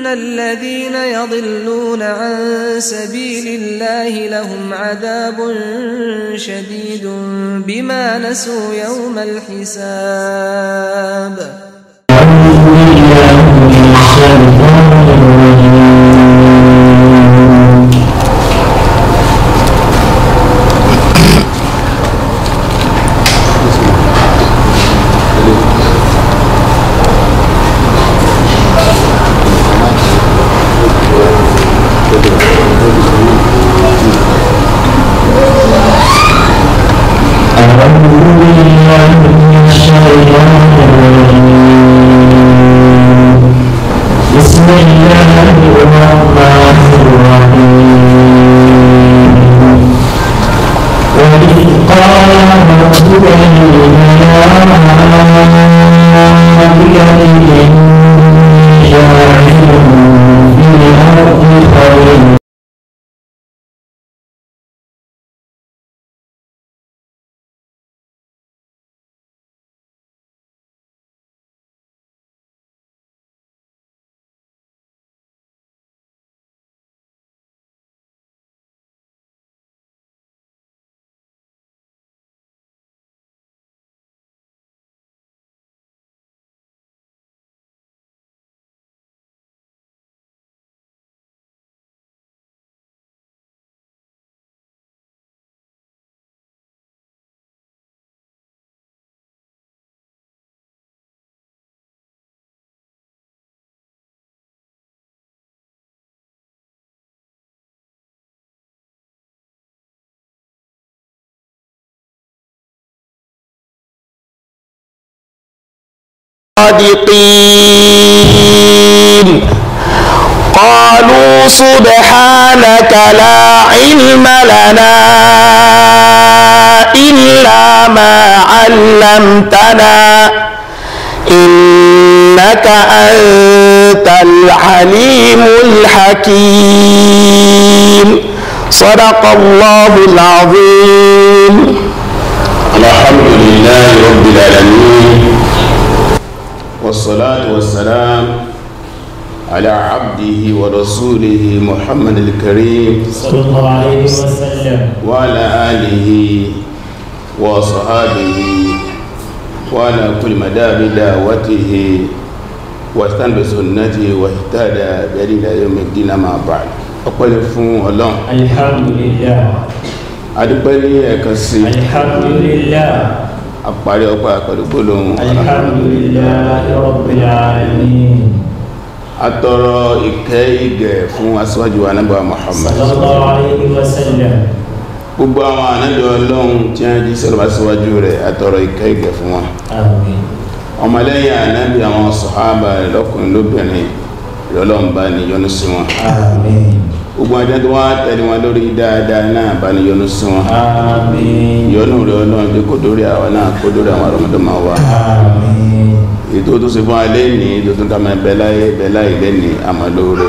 ان الذين يضلون عن سبيل الله لهم عذاب شديد بما نسوا يوم الحساب الصادقين قالوا سبحانك لا علم لنا إلا ما علمتنا إنك أنت العليم الحكيم صدق الله العظيم الحمد لله رب العالمين والصلاة والسلام على عبده ورسوله محمد الكريم صلى الله عليه وسلم وعلى آله وصحابه وعلى كل مدى بدعوته واستنى بسنته واهتدى بهديه يوم الدين ما بعد أقول fún الله، الحمد لله، الحمد لله ní ẹ̀kan sí alhamdulillah àparí ọpá pẹ̀lú gbólóhùn alhamdulillahi rabbil alamin atọrọ ìkẹ́ ìgẹ̀ fún aṣíwájú wa náà Muhammad sallallahu alaihi wasallam gbogbo àwọn ànájọ ọlọ́run tí a jí sọ́lọ́bà síwájú rẹ̀ àtọrọ ìkẹ́ ìgẹ̀ fún wọn ọmọlẹ́yìn ànábì àwọn sọ̀hábà lọ́kùnrin lóbìnrin lọ́lọ́mbà ni yọ́nú sí wọn àmín gbogbo ajá tó wá tẹni wọn lórí dáadáa náà bá ní yọ́nú sí wọn yọ́nú rẹ̀ ọlọ́run tó kò dórí àwọn náà kò dórí àwọn ọmọdé máa wá ètò tó ṣe fún alẹ́ ní tó tún dámẹ́ bẹ́láyé bẹ́láyé lẹ́ni àmàlóore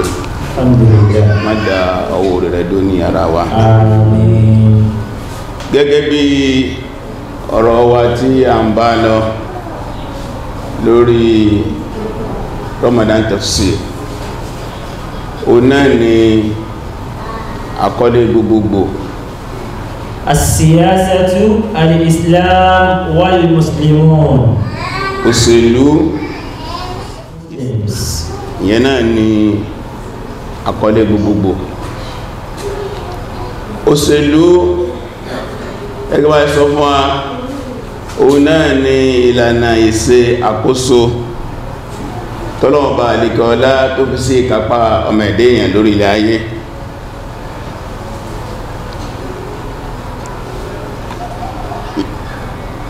má da ọwọ́ rẹ̀ dó ní ara wa gẹ́gẹ́ bí ọ̀rọ̀ wa tí a ń bá lọ lórí Ramadan tafsir o náà ni àkọlé gbogbogbò asiyasatu al-islam wal muslimun òṣèlú ìyẹn náà ni àkọlé gbogbogbò òṣèlú ẹgbẹ́ bá sọ fún wa òun náà ni ìlànà ìṣe àkóso tọ́lọ́ọ̀bà àlìkọ́lá tó fi sí ìkápá ọmọ ẹ̀dẹ́ èèyàn lórí ilẹ̀ ayé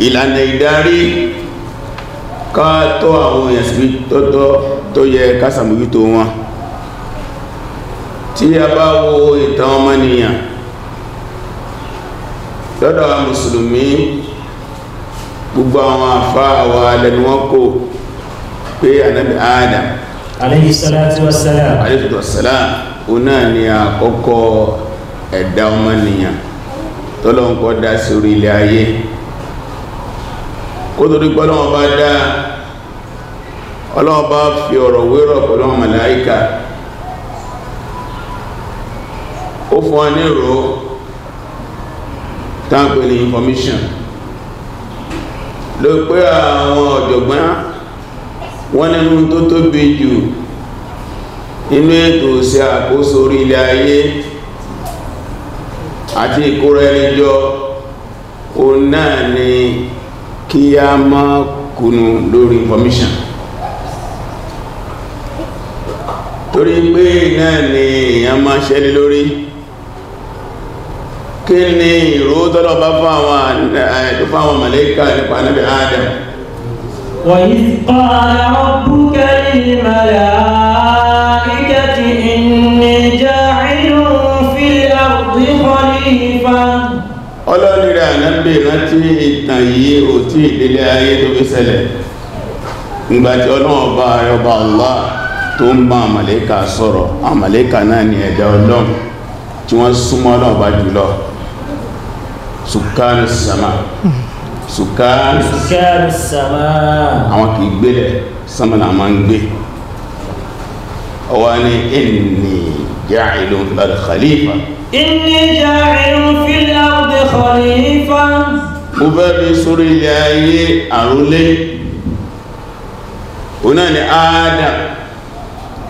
ìlànà ìdarí ká tọ́ àwọn èèyàn sí tọ́tọ́ tó yẹ ká ṣàmójútó wọn tí a bá wo ìtàn ọmọnìyàn lọ́dọ̀ mùsùlùmí gbogbo àwọn àfá àwọn alẹ́nu wọn kò pé ànábì Adam alayhi salatu wassalam alayhi salatu wassalam o náà ni àkọ́kọ́ ẹ̀dá ọmọnìyàn tọ́lọ́nkọ́ dá sí orí ayé kó tó dípọ́ ọlọ́wọ́ bá dá ọlọ́wọ́ bá fi ọ̀rọ̀ wérọ̀ pẹ̀lú àwọn màláíkà ó fún wa ní ìró tábìlì information ló pé àwọn ọ̀jọ̀gbọ́n wọ́n nínú tó tóbi jù inú ètò sí àkóso orí ayé àti ìkóra ẹni òun náà ni kí a má kunu lórí information torí pé náà ni èèyàn máa ṣẹlẹ̀ lórí kí ni ìró tọ́lọ̀ bá fáwọn màlàíkà nípa Ànábì Adam وإذ قال ربك للملائكة إني جاعل ọlọ́nira ànábì rántí ìtàn yìí ò tí ìdílé ayé tó fi ṣẹlẹ̀ ìgbàtí ọlọ́wọ́ bá rẹ ọba Allah tó ń bá àmàlẹ́kà sọ̀rọ̀ àmàlẹ́kà náà ni ẹ̀dá ọlọ́run tí wọ́n súnmọ́ ọlọ́run bá jùlọ sùkánù sàmà sùkánù sàmà àwọn kì í gbélẹ̀ sàmà náà máa ń gbé ọwọ́ ni ẹnì jáà ìlú ọ̀dọ̀ khalifa inni ja'ilun fil ardi khalifa. mo fẹ́ fi sórí ilẹ̀ ayé àrólé òun náà ni Adam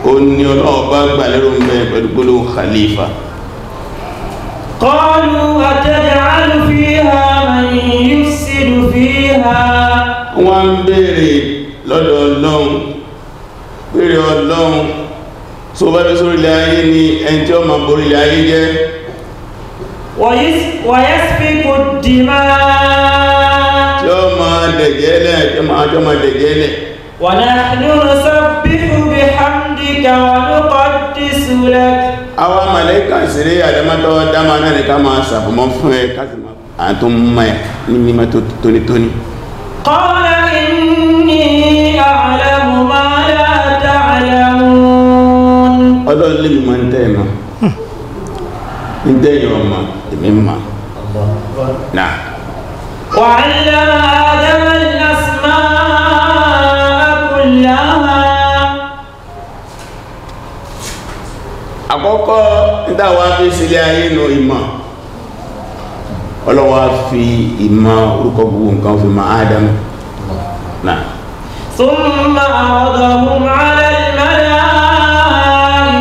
ó ní ọlọ́ọ̀bá gbà lérò ń bẹ pẹ̀lú gbólóhùn khalifa. qalu ataj'alu fiha man yufsidu fiha. wọ́n ń béèrè lọ́dọ̀ ọlọ́run béèrè ọlọ́run tó bá bí sórí ilẹ̀ ayé ni ẹni tí ó ma borí ilẹ̀ ayé jẹ́ wọ̀yẹ́sìkò dìímá tí ó ma dẹ̀gẹ́lẹ̀ tí ó ma jọ ma dẹ̀gẹ́lẹ̀ àwọn màlẹ́kà ìṣeré àdámátọ́ dáma náà ní ká máa sàbọ̀mọ́ fún ẹ káàkiri àtúnmọ̀ قال إني أعلم ما لا تعلم ọlọ́run lè mímọ̀ ń tẹ́ ẹ̀mọ̀ ń tẹ́yìn ọmọ èmi mọ̀ náà وعلم آدم الأسماء كلها àkọ́kọ́ ìdáwà fi sílẹ̀ ayé nù ìmọ̀ ọlọ́wà fi ìmọ̀ orúkọ gbogbo nǹkan fi ma Ádámù náà ثم عرضهم على الملائكة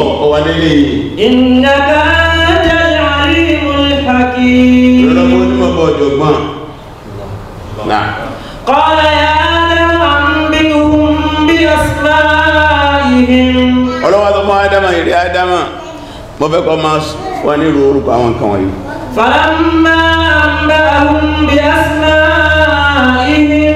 ọ̀pọ̀ wa nílé yìí. ìnàkà jẹ́lẹ̀ àríwọ̀n ìfàkì. ìrọ̀lọ́pọ̀ onímọ̀ bọ̀ ọ̀jọ̀gbọ́n. kọ́lá yà ọlọ́wọ́ tó máa dáma ìrẹ́ àdáma mọ́ fẹ́ kọ́ máa wọ́n ní orúkọ àwọn nǹkan wọ̀nyí. falamma ń bá ahùn bí asma ìhìn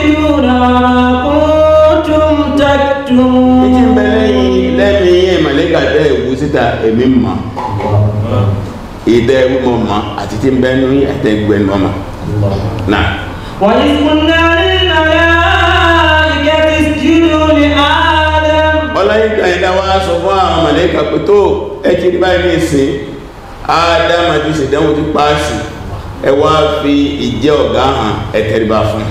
tu'minuna kuntum taktumun. ìjì ń bẹ lẹ́yìn lẹ́nu iye màlẹ́kà èmi mọ̀ ìdẹ́ ìwú mọ̀ àti tí ń bẹ nínú ìyàtẹ̀ ní ọmọ. náà. wọ́n yí fún náà nínú ọ̀yà ìkẹ́rì jùlọ ní Adam. ọlọ́yin kan ìdá wa sọ fún àwọn màlẹ́kà pé tó ẹ ti rí báyìí ní ìsìn Adam àti ìṣèdánwò ti pààsì ẹ wá fi ìjẹ́ ọ̀gá hàn ẹ fún un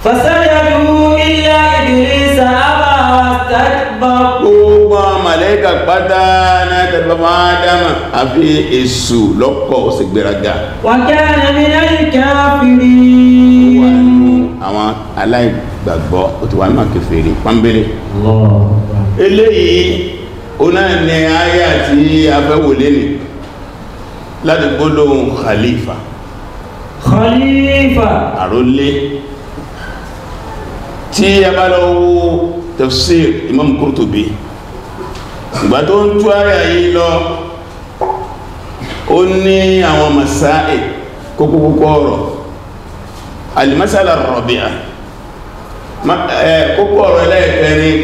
fasajadu illa iblisa aba wastakbar. gbogbo màlẹ́kà pátá náà tẹ̀lé bàbá ádámà àfi èṣù lọ́kọ̀ ó sì gbéraga. wa kana minal kafirin. wà nù àwọn aláìgbàgbọ́ ó ti wà nù àkẹfẹ̀rẹ̀ pọ́nbélé. eléyìí ọ̀nà ni ayé àti afẹ́wòlé ni láti gbólóhùn khalifa khalifa àrólé tí ẹ bá lọ wo tafsir imam Qurtubi ìgbà tó ń tú ara yìí lọ ó ní àwọn masáì kókókókó ọ̀rọ̀ alimasala rọ̀bìà kókó ọ̀rọ̀ ẹlẹ́ẹ̀kẹrin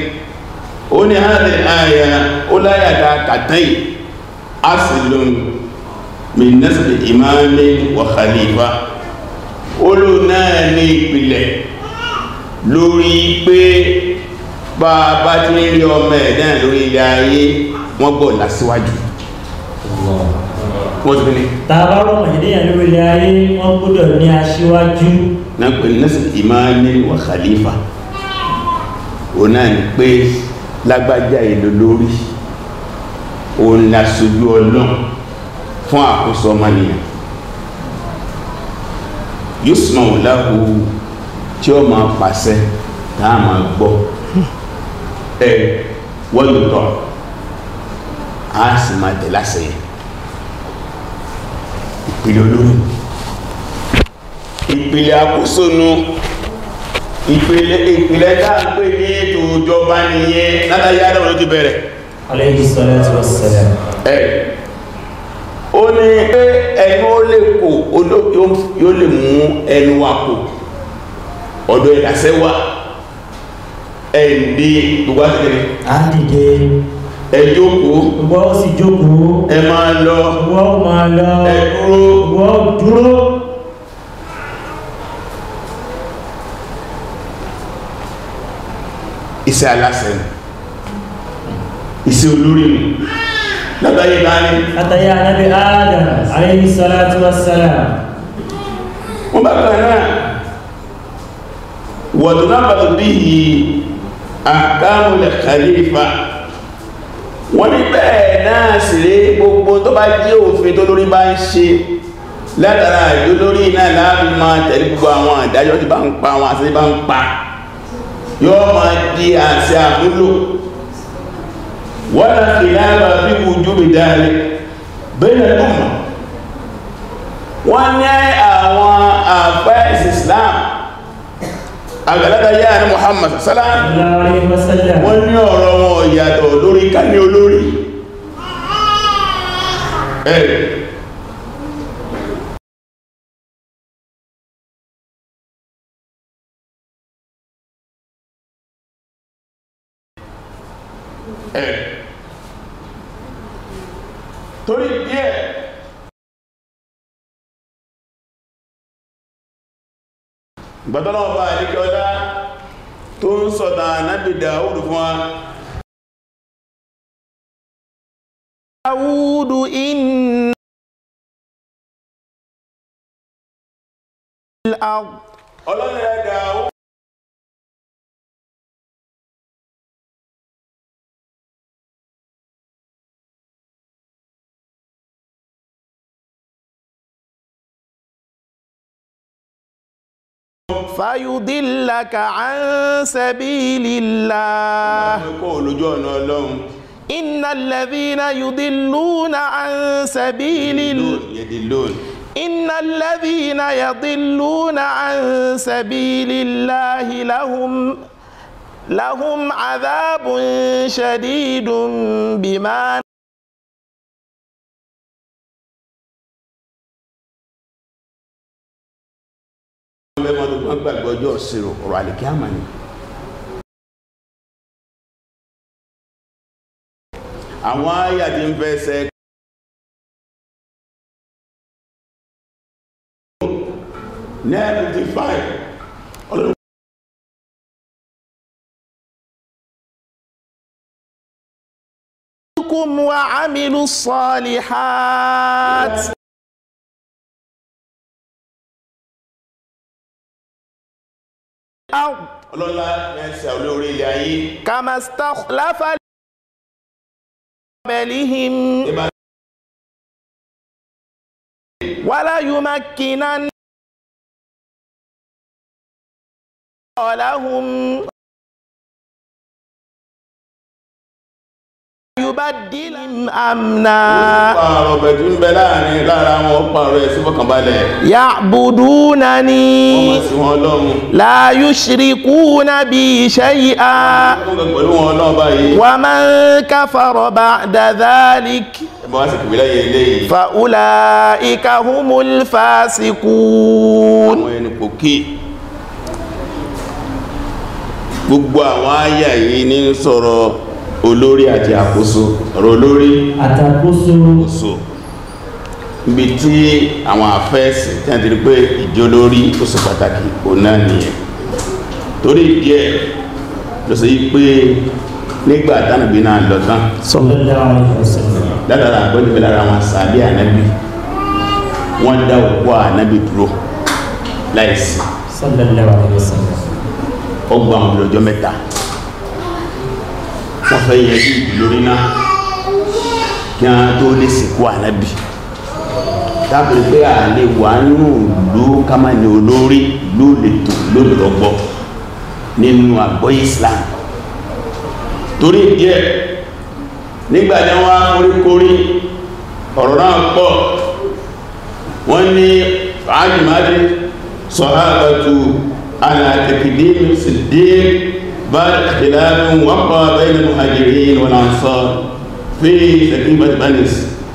ó ní hàrí àyà ó láyàdá kàtẹ́yì asìlùm min nasbi imami wa khalifa olú náà ní ìpìlẹ̀ lórí pé bá a bá ti ń rí ọmọ ẹ̀ náà lórí ilé ayé wọ́n gbọ́ lásíwájú wọ́n ti fi ní. tàbá rọ̀ nàìjíríà lórí ilé ayé wọ́n gbọ́dọ̀ ní aṣíwájú. náà pẹ̀lú náà sì ti máa ní wà khalifa òun náà ni pé lágbájá èlò lórí òun la ṣojú ọlọ́run fún àkóso ọmọnìyàn yóò sùn náà láwùú tí ó máa pàṣẹ tá a máa gbọ́ ẹ wọ́n yóò tọ̀ á sì máa tẹ̀ láṣẹ yẹn ìpele olórí ìpele àkóso nu ìpele ìpele tá a pè ní ètò ìjọba nìyẹn látàrí àdáwọn ló ti bẹ̀rẹ̀. aleyhi salatu wa salam. ẹ ó ní pé ẹnu ó lè kó yóò lè mú ẹnu wa kó ọ̀dọ̀ ìdásẹ́ wà ẹ̀ǹdí gbogbo àtẹ́kẹ́lẹ́ àdìdẹ ẹ jókòó gbọ́ sì jókòó ẹ máa lọ gbọ́ máa lọ ẹ dúró gbọ́ dúró iṣẹ́ aláṣẹ iṣẹ́ olórí látàyè báyìí látàyè anábì Adam alayhi salatu wassalam wọ́n bá kọ̀ náà wàdúnàbàdù bí i àkámùlẹ̀ kàlífà wọ́n ní bẹ́ẹ̀ náà sì rí gbogbo tó bá jẹ́ òfin tó lórí bá ń ṣe látara ìlú lórí náà láàrin máa tẹ̀lé gbogbo àwọn àdájọ́ tí bá ń pa àwọn àṣírí bá ń pa yóò máa di àṣẹ àmúlò wọ́n náà fi lára wọ́n ní àwọn àpẹ́ Islam àgbàlagbà yá ní Muhammad sálá wọ́n ní ọ̀rọ̀ wọn yàtọ̀ lórí ká ní olórí ẹ̀ ìgbàtọ́lọ́ ọba àdíkọ́lá tó ń sọ̀tà ànábì Dáúdù fún wa Dáúdù inna ọlọ́rẹ̀ Dáúdù فيضلك عن سبيل الله إن الذين يضلون عن سبيل يدلون إن الذين يضلون عن سبيل الله لهم لهم عذاب شديد بما bẹ́ẹ̀ máa dùnkún gbàgbọ́ ọjọ́ àwọn àyà ti ń fẹsẹ̀ nine fifty five ọlọ́lá mẹ́sà olórí ilẹ̀ ayé kàmàstà láfàlì ọ̀bẹ̀lìhìm wàlá yubaddilin amna pààrọ̀ bẹ̀tù ń bẹ láàrin lára wọn pààrọ̀ ẹ̀ síbọ̀kànbalẹ̀ ya'budunani la yushrikuna bi gbogbo àwọn àyà yìí ní sọ̀rọ̀ olórí àti àkóso ọ̀rọ̀ olórí àtàkóso ibi tí àwọn àfẹ́ẹ̀sì tí a ti rí pé ìjọ lórí ó ṣe pàtàkì òun náà nìyẹn torí díẹ̀ ló ṣe yí pé nígbà tánàbí náà lọ tán látara àgbẹ̀lẹ̀ pẹ̀lú ara wọn sàbí ànábì wọ́n dá òkú ànábì dúró láìsí ọgbà àwọn wọ́n fẹ́ yẹ bí lórí náà kí wọ́n tó lè sìnkú ànábì dábìrì pé à lè wà nínú ìlú kámá ní olórí ló lè tò lólùrọ̀gbọ́ nínú àgbọ́ Islam torí díẹ̀ nígbà tí wọ́n oríkorí ọ̀rọ̀ náà pọ̀ wọ́n ní àjùmádé sọ̀rọ̀ àbàtù alàtẹ̀kìdé sídìí بل خلاف وقع بين المهاجرين والأنصار في سكيبة بني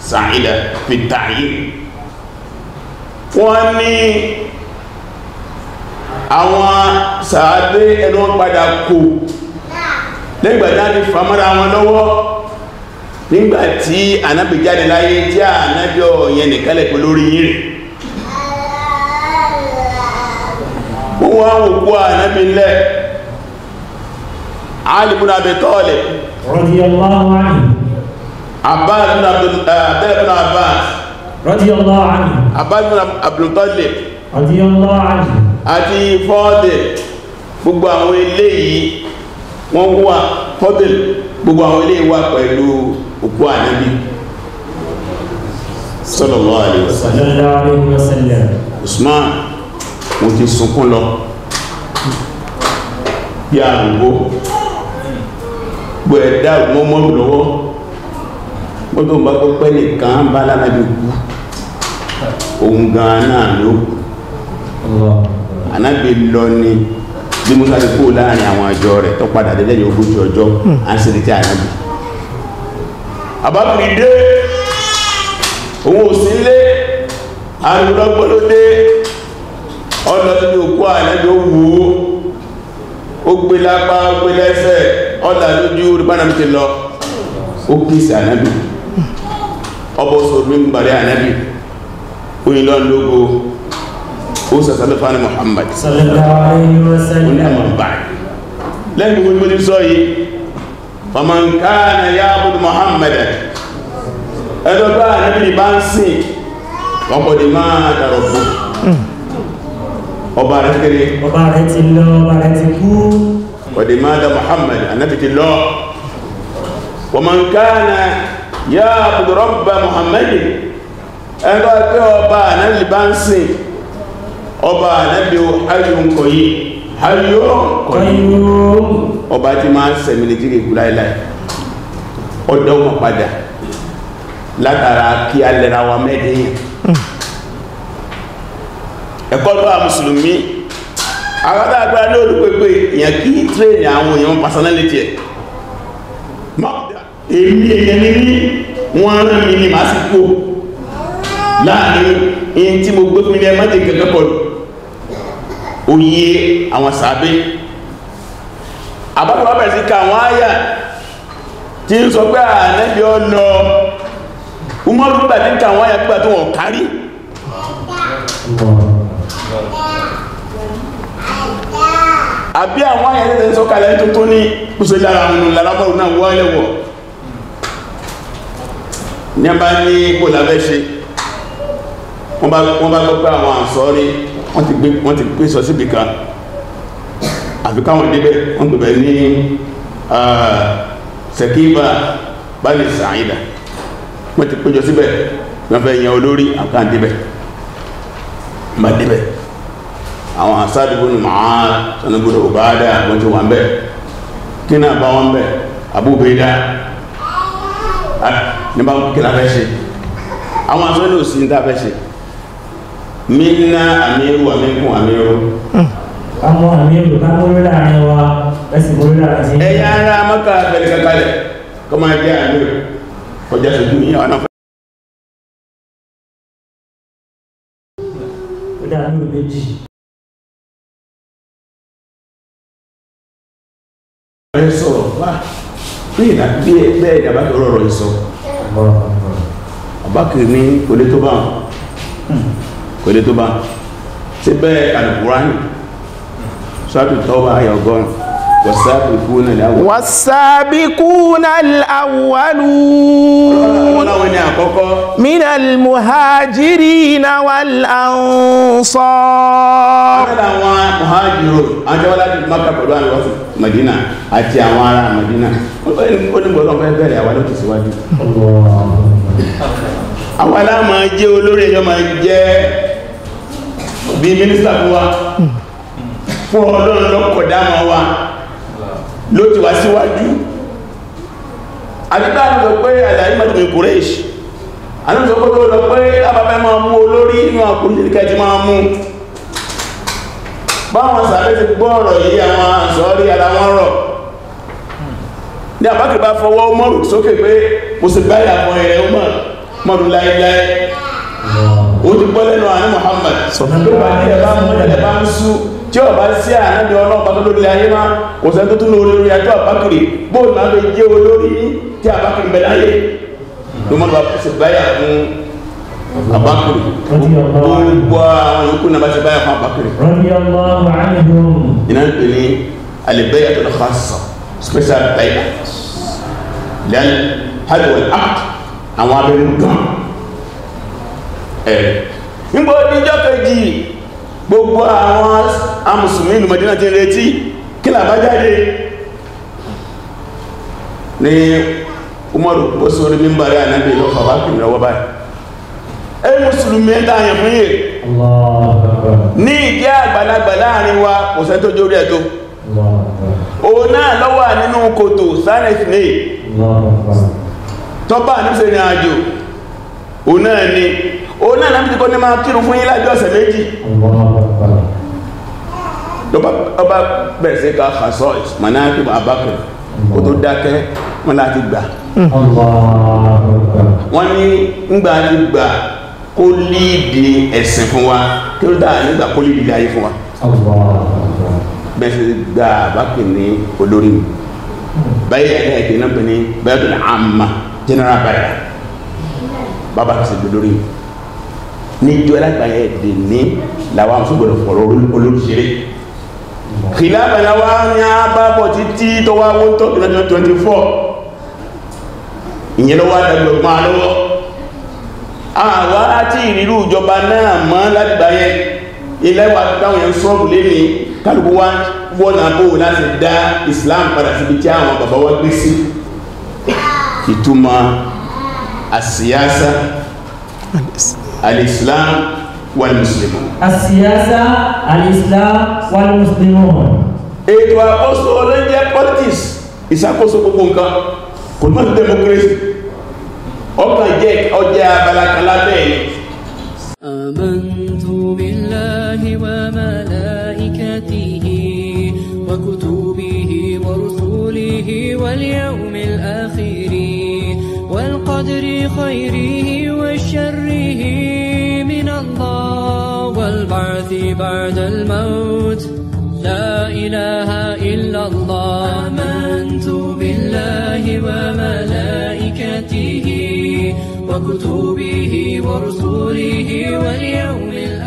سعيدة في التعيين wọ́n ní àwọn sàádé ẹnu padà kò lẹ́gbàdá ti fàmọ́ra wọn lọ́wọ́ nígbàtí ànábì jáde láyé tí ànábì ọ̀yẹn nìkálẹ̀ pẹ̀lú orí yìí wọ́n wọ́n wò kó ànábì lẹ́ẹ̀ Ali ibn Abi Talib radiyallahu anhu Abbas ibn eh, Abbas radiyallahu anhu Abbas ibn Abdul Talib radiyallahu anhu Ati gbogbo awon eléyìí wọ́n wà fọ́ọ̀dẹ̀ gbogbo àwọn eléyìí wà pẹ̀lú òkú ànábì sallallahu alaihi wasallam Usman mo ti gbọ́ ẹ̀ dá òun mọ́ lọ́wọ́ wọ́n tó ń bá pẹ́pẹ́ nìkan bá lára bí kú òun gan-an náà ló anábì lọ ni bí musa ti kú láàrin àwọn àjọ rẹ̀ tó padà dé lẹ́yìn ogójì ọjọ́ hmm. à ń ṣe ti anábì abákùnrin dé òun ò sí lé arúgbọ́gbọ́ ọlọ́dún òkú anábì ó wù ó gbé lápá ó gbé lẹ́sẹ̀ ọ̀dà lójú ribanabi ti lọ ó pèsè ànábì ọbọ̀ sọ̀rọ̀ ń gbàrí ànábì oyin ó sàtàlẹ̀ fún Muhammad lẹ́yìn gbogbo ìgbóni sọ yìí ọmọ ya abudu Muhammad ẹjọ́ ànábì bá ń sìn hmm. ọkọ̀ ọba rẹ̀ ti lọ ọba rẹ̀ ti kú kọ̀dé máa da muhammad anábi ti lọ wọ́n ma ń káàna yá àbùdọ̀rọ̀bà muhammad ẹgbẹ́ pé ọba anábi bá ń sìn ọba anábi ayun kọ̀ yìí ayun kọ̀ yìí ọba ti máa ń sẹ̀mí jírí ìgbù ọdọ́ wọn padà látara kí a wa mẹ́rin hmm. ẹ̀kọ́ lọ́wọ́ mùsùlùmí àwọn tá a gbára lé olùpẹ̀pẹ̀ èèyàn kì í tírèèni àwọn èèyàn personality ẹ̀ èmi èèyàn ní ní wọ́n rán mi ní màá sì kó láàrin in tí mo gbé fún ilé ẹmọ́dé gẹ́gẹ́ pọ̀ òye àwọn sàábé àbábọ̀ bẹ̀rẹ̀ sí ka àwọn àyà tí ń sọ pé ànẹ́bí ọ̀nà umaru gbà tí ń ka àwọn àyà gbígbà tó wọ̀n kárí àbí àwọn ayẹyẹ tẹ̀ sọ́kalẹ̀ tó tó ní kùsọ̀ lára àwọn lalábọ̀rù náà wọ́n lẹ́wọ̀ ní a bá ní ipò lábẹ́ ṣe wọ́n bá gbọ́ pé àwọn àǹsọ́rí wọ́n ti pé sọ síbi kan àfi káwọn débẹ̀ wọ́n gbẹ̀bẹ̀ ní sẹ̀kíbà bani sàáyìdà wọ́n ti péjọ síbẹ̀ wọ́n fẹ́ yan olórí àkáǹdébẹ̀ má àwọn asádìbò ní màá sanugbodò òbáadà wọn ti wà ń bẹ kí náà bá wọn bẹ abúbẹdà nípa kí la fẹ́ ṣe àwọn asọ́ ní òsì ní ta fẹ́ ṣe mí ná àmírù àmíkùn àmírù. kámọ́ àmírù kámọ́ lórí àárín wa hmm. ẹ̀sìn borí láàrin sí. ẹ̀yà ara mọ́kà bẹ̀rẹ̀ kankalẹ̀ kọ́ máa jẹ́ àmírù kọjá sojú yìí àwọn náà dàbí méjì ẹ sọ̀rọ̀ wá bí ìdàgbé bẹ́ẹ̀ ni àbájọ ọ̀rọ̀ ìsọ àbákiri ní kò tó bá hmm. kò tó bá ṣe bẹ́ẹ̀ alùpùránì ṣáàtù tọ́wọ́ ayọ̀ ọgọ́rùn والسابقون الأولون من المهاجرين والأنصار Madina àti àwọn ará Madina ó ní gbọ́dọ̀ fẹ́ bẹ̀rẹ̀ àwa ló ti síwájú. àwa láà máa jẹ́ olórí ẹ̀yọ́ máa jẹ́ bí mínísítà fún wa fún ọlọ́run lọ́kọ̀ dáma wa ló ti wá síwájú àdúgbà àti sọ pé àlàyé mẹ́tùmí kùrẹ́ṣì àdúgbà sọ pé àbábẹ́ máa mú olórí inú àkùnrin kẹjì máa mú báwọn sàbẹ́ ti gbọ́ ọ̀rọ̀ yìí àwọn àṣọ́rí aláwọ̀ rọ̀ ní àbákẹ́ bá fọwọ́ mọ́rù sókè pé mo sì bá ìyàwó ẹ̀ ọmọ mọ́rù láíláí ó ti gbọ́ lẹ́nu àní Muhammad ló bá ní ẹ̀bá mú ẹ̀lẹ́ bá ń sú tí ó bá sí ànábì ọlọ́pàá tó lórí ayé máa kò sẹ́ tó tún lórí orí ajọ́ àbákiri bóòlù náà lè jẹ́ olórí tí àbákiri bẹ̀ láyé ló mọ́rù bá sì bá ìyàwó abakiri gbogbo yòókù náà bá ṣe báyà fún abakiri. radiyallahu anhu. iná ń pè ní al-bay'atul khassa special bay'a lẹ́nu hajj wal aqd àwọn abẹ́rẹ́ gan. ẹ nígbà oníjọ́ kejì gbogbo àwọn amùsùlùmí ìlú Madina ti retí kí làbájáde ní umaru bó sórí mímbàrí ànábì lọ́fà wákìlì lọ́wọ́ báyìí ẹ mùsùlùmí ẹ̀dá àyàn fún yìí ní ìdí àgbàlagbà láàrin wa kò sẹ́ tó jórí ẹ̀ tó òun náà lọ́wọ́ nínú kòtò silence ní tọ́bà nípsẹ̀ ìrìn àjò òun náà ni òun náà láti kọ́ ní máa kírun fún yín lájọ́ ọ̀sẹ̀ méjì ọba bẹ̀rẹ̀ sí ká kàṣọ́ manáàkì àbákùn kò tó dákẹ́ wọn láti gbà hmm. wọ́n ní ń gbà ti gbà kó líìdì ẹ̀sìn fún wa kí ló dáa nígbà kó líìdì ilé ayé fún wa. bẹ́ẹ̀ sì gba àbápè ní olórí mi báyìí ẹ̀ka ẹ̀kẹ́ náà pè ní bẹ́ẹ̀ tó ní àmà general báyà bàbá kìí ṣe lórí mi níjọ́ alágbàáyé ẹ̀dẹ̀ ní làwọn àwọn sọ̀gbọ̀dọ̀ fọ̀rọ̀ olóṣèré kìláàbà làwọn ní abábọ̀ títí tó wá wọ́n tó 2024 ìyẹn lọ́wọ́ àdàgbẹ̀ máa lọ́wọ́ àwa àti ìrírú ìjọba náà mọ́ láti báyẹ ilẹ́wà táwọn èèyàn sọ́ọ̀bù lémi kálùkù wá wọ́nà bó láti dá Islam padà síbi tí àwọn bàbá wa gbé sí ìtumọ̀ àsíyásá al-Islam wal-Muslimun àsíyásá al-Islam wal-Muslimun ètò àkóso olóyẹ politics ìṣàkóso gbogbo nǹkan kò mọ́ democracy آمنت بالله وملائكته وكتبه ورسوله واليوم الآخر والقدر خيره وشره من الله والبعث بعد الموت لا إله إلا الله آمنت بالله وملائكته وكتبه ورسوله واليوم الآخر